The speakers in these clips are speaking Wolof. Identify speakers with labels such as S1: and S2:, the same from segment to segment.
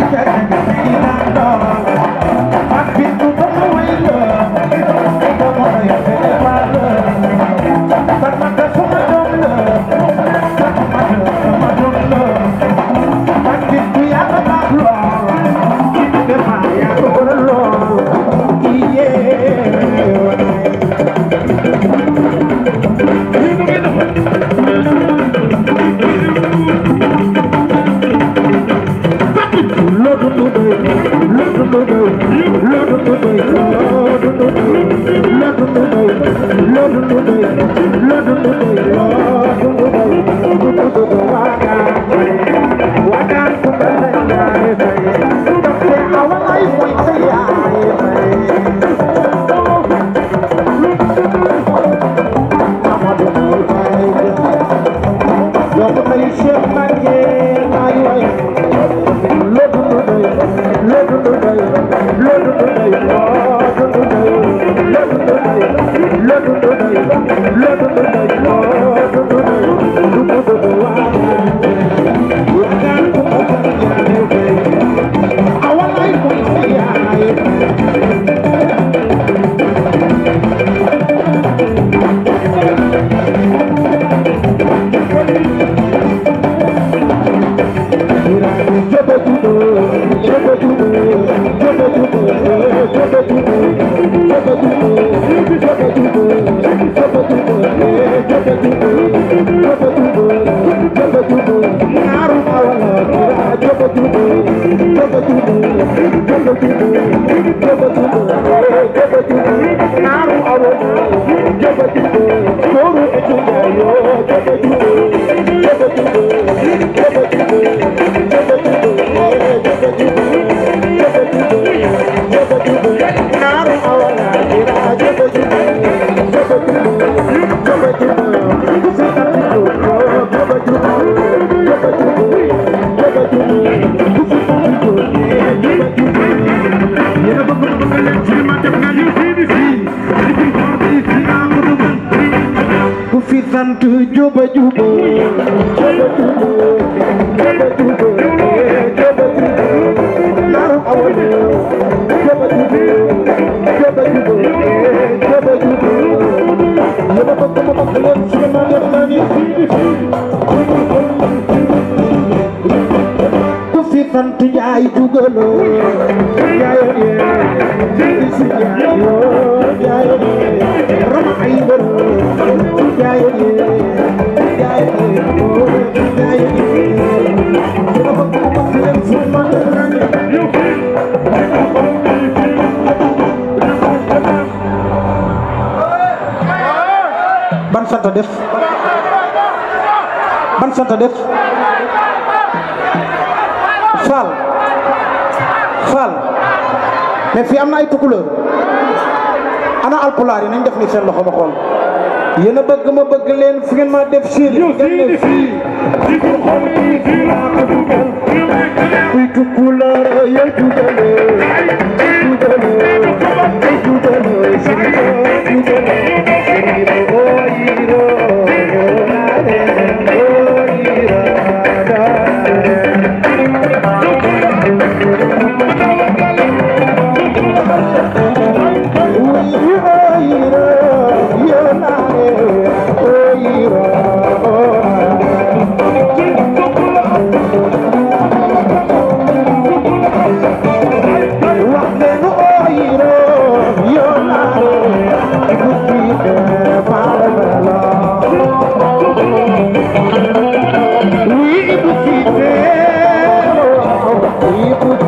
S1: Thank you. लॻ ताईं लॻ त Thank you. sant Njaay dugaloo Njaay ban sant def ban sant def Fall Fall mais fii am na ay tukulóor ana alpulaar yi nañ def ni seen loxo ma xool yéen a bëgg ma bëgg leen fi ngeen ma def si. Aí,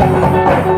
S1: Thank you.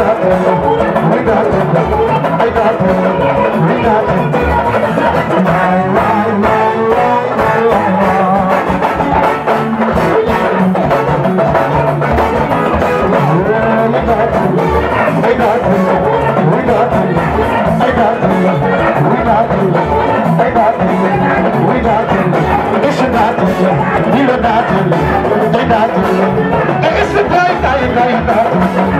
S1: dat inderdaad, dat is dat tijd, dat tijd, dat